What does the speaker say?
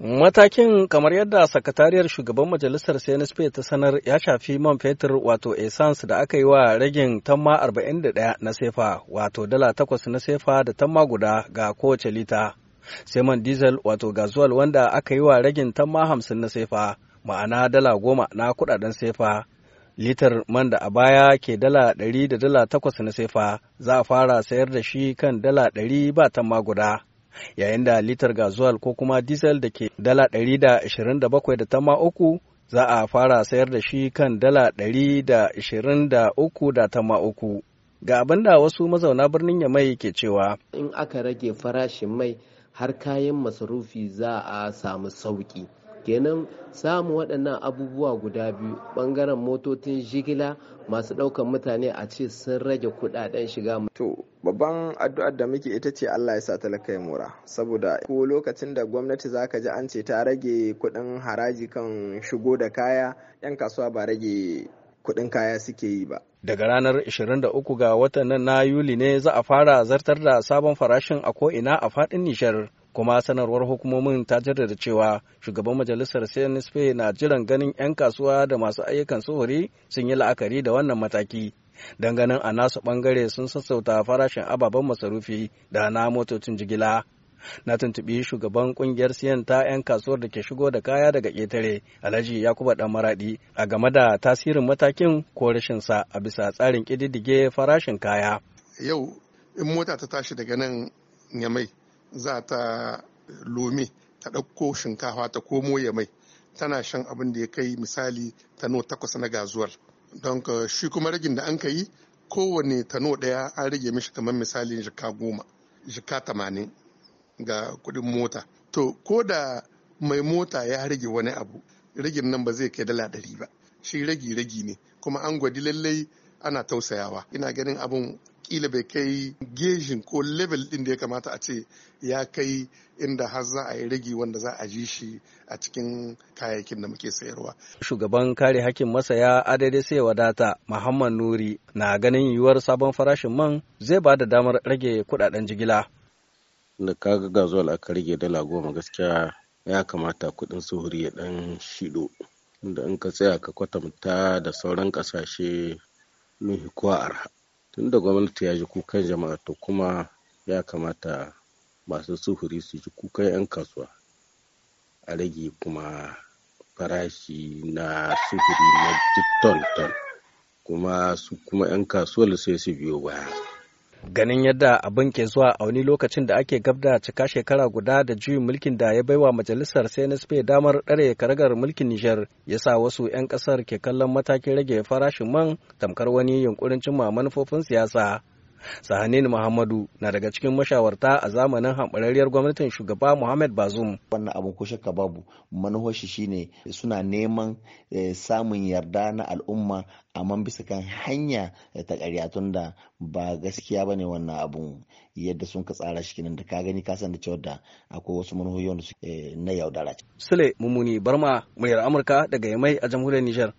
Matakin kamar yadda sakatariyar shugaban majalisar CNSP ta sanar ya shafi man fetur wato essence da aka yi wa ragin tamma 41 na sefa wato dala takwas na sefa da tamma guda ga kowace lita. Sai man diesel wato gazuwal wanda aka yi wa ragin tamma hamsin na sefa ma'ana dala goma na kudaden sefa. Litar man da a baya ke dala ɗari da dala takwas na sefa za a fara sayar da shi kan dala ɗari ba tamma guda. yayin da litar gazuwal ko kuma diesel da ke dala ɗari da tama uku za a fara sayar da shi kan dala ɗari da tama uku. Ga abin da wasu mazauna birnin ya mai ke cewa. In aka rage farashin mai har kayan masarufi za a samu sauƙi. kenan samun waɗannan abubuwa guda biyu ɓangaren motocin jigila masu ɗaukar mutane a ce sun rage kuɗaɗen shiga to babban addu'ar da muke ita ce Allah ya sa talaka ya mura saboda ko lokacin da gwamnati za ka ji an ce ta rage kuɗin haraji kan shigo da kaya 'yan kasuwa ba rage kuɗin kaya suke yi ba daga ranar 23 ga watan na yuli ne za a fara zartar da sabon farashin a ko'ina a faɗin nishar kuma sanarwar hukumomin ta jaddada cewa shugaban majalisar cnsp na jiran ganin 'yan kasuwa da masu ayyukan suhuri sun yi la'akari da wannan mataki ganin a nasu bangare sun sassauta farashin ababen masarufi da na motocin jigila na tuntuɓi shugaban kungiyar siyan ta 'yan kasuwar da ke shigo da kaya daga ƙetare alhaji yakuba dan maraɗi, a game da tasirin matakin ko rashinsa a bisa tsarin ƙididdige farashin kaya yau in mota ta tashi daga nan nyamai za ta lome ta ɗauko shinkafa ta komo ya mai tana shan abin da ya kai misali tano takwas na gazuwar don shi kuma ragin da an ka yi kowane tano ɗaya an rage mishi kamar misalin jika goma jika tamanin ga kuɗin mota to ko da mai mota ya rage wani abu ragin nan ba zai kai dala ɗari ba shi ragi ragi ne kuma an gwadi lallai ana tausayawa ina ganin abin kila bai kai gejin ko level din da ya kamata a ce ya kai inda har za a yi rigi wanda za a ji shi a cikin kayayyakin da muke sayarwa. Shugaban kare hakkin masaya adadai sai wadata Muhammad Nuri na ganin yiwuwar sabon farashin man zai ba da damar rage kudaden jigila. Da kaga gazuwal aka rage dala goma gaskiya ya kamata kudin suhuri ya dan shido. Inda in ka tsaya ka kwatanta da sauran kasashe mun kuwa arha. tun da gwamnati ya ji kukan jama'a to kuma ya kamata masu sufuri su ji kukan 'yan kasuwa a rage kuma farashi na sufuri na ton kuma su kuma 'yan kasuwar sai su biyo baya ganin yadda abin ke zuwa a wani lokacin da ake gab da cika shekara guda da juyin mulkin da ya baiwa majalisar cnsp damar ɗare karagar mulkin nijar ya sa wasu 'yan ƙasar ke kallon matakin rage farashin man tamkar wani yunkurin cimma manufofin siyasa sahanin muhammadu na daga cikin mashawarta a zamanin hambararriyar gwamnatin shugaba muhammad bazum wannan abin ko shakka babu manahoshi shine suna neman eh, samun yarda na al'umma amma bisa kan hanya ta karya tun da ba gaskiya ba ne wannan abun yadda sun ka tsara shi da ka gani ka san da cewa da akwai wasu manahoyi eh, na yaudara. Sule Mumuni Barma, muryar Amurka daga Yamai a jamhuriyar Nijar.